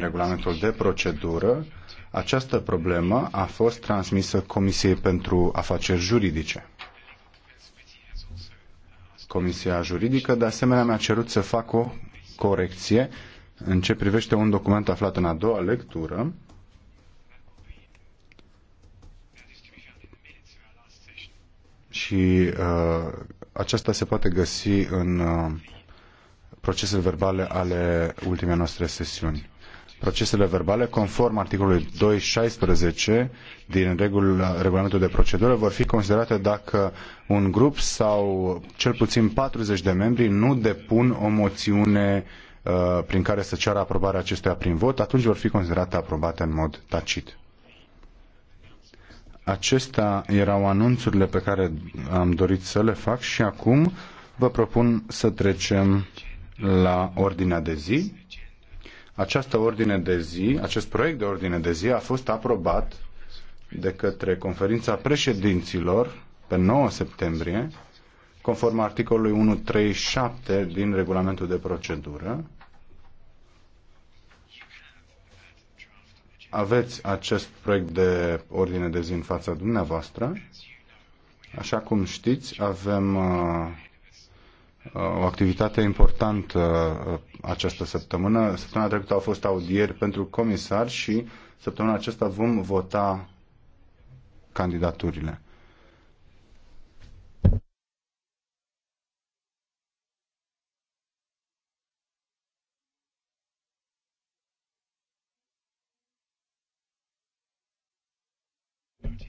regulamentul de procedură, această problemă a fost transmisă Comisiei pentru Afaceri Juridice. Comisia Juridică, de asemenea, mi-a cerut să fac o corecție în ce privește un document aflat în a doua lectură, și uh, aceasta se poate găsi în uh, procesele verbale ale ultimei noastre sesiuni procesele verbale, conform articolului 2.16 din regul, regulamentul de procedură, vor fi considerate dacă un grup sau cel puțin 40 de membri nu depun o moțiune uh, prin care să ceară aprobarea acestuia prin vot, atunci vor fi considerate aprobate în mod tacit. Acestea erau anunțurile pe care am dorit să le fac și acum vă propun să trecem la ordinea de zi. Această ordine de zi, acest proiect de ordine de zi a fost aprobat de către conferința președinților pe 9 septembrie, conform articolului 137 din regulamentul de procedură. Aveți acest proiect de ordine de zi în fața dumneavoastră. Așa cum știți, avem uh, o activitate importantă uh, această săptămână. Săptămâna trecută au fost audieri pentru comisar și săptămâna aceasta vom vota candidaturile.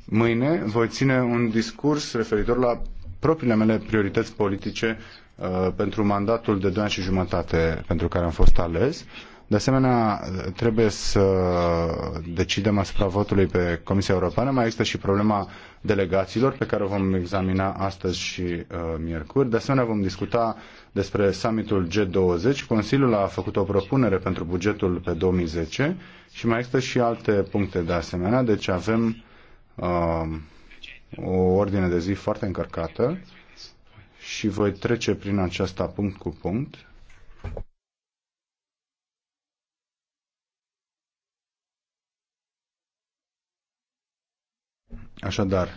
Mâine voi ține un discurs referitor la propriile mele priorități politice Uh, pentru mandatul de 2 ani și jumătate pentru care am fost ales. De asemenea, trebuie să decidem asupra votului pe Comisia Europeană. Mai există și problema delegațiilor pe care o vom examina astăzi și uh, miercuri. De asemenea, vom discuta despre summitul G20. Consiliul a făcut o propunere pentru bugetul pe 2010 și mai există și alte puncte de asemenea. Deci avem uh, o ordine de zi foarte încărcată și voi trece prin aceasta punct cu punct. Așadar,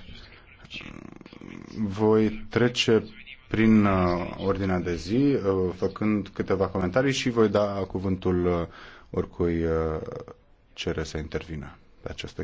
voi trece prin uh, ordinea de zi, uh, făcând câteva comentarii și voi da cuvântul uh, oricui cere să intervină pe această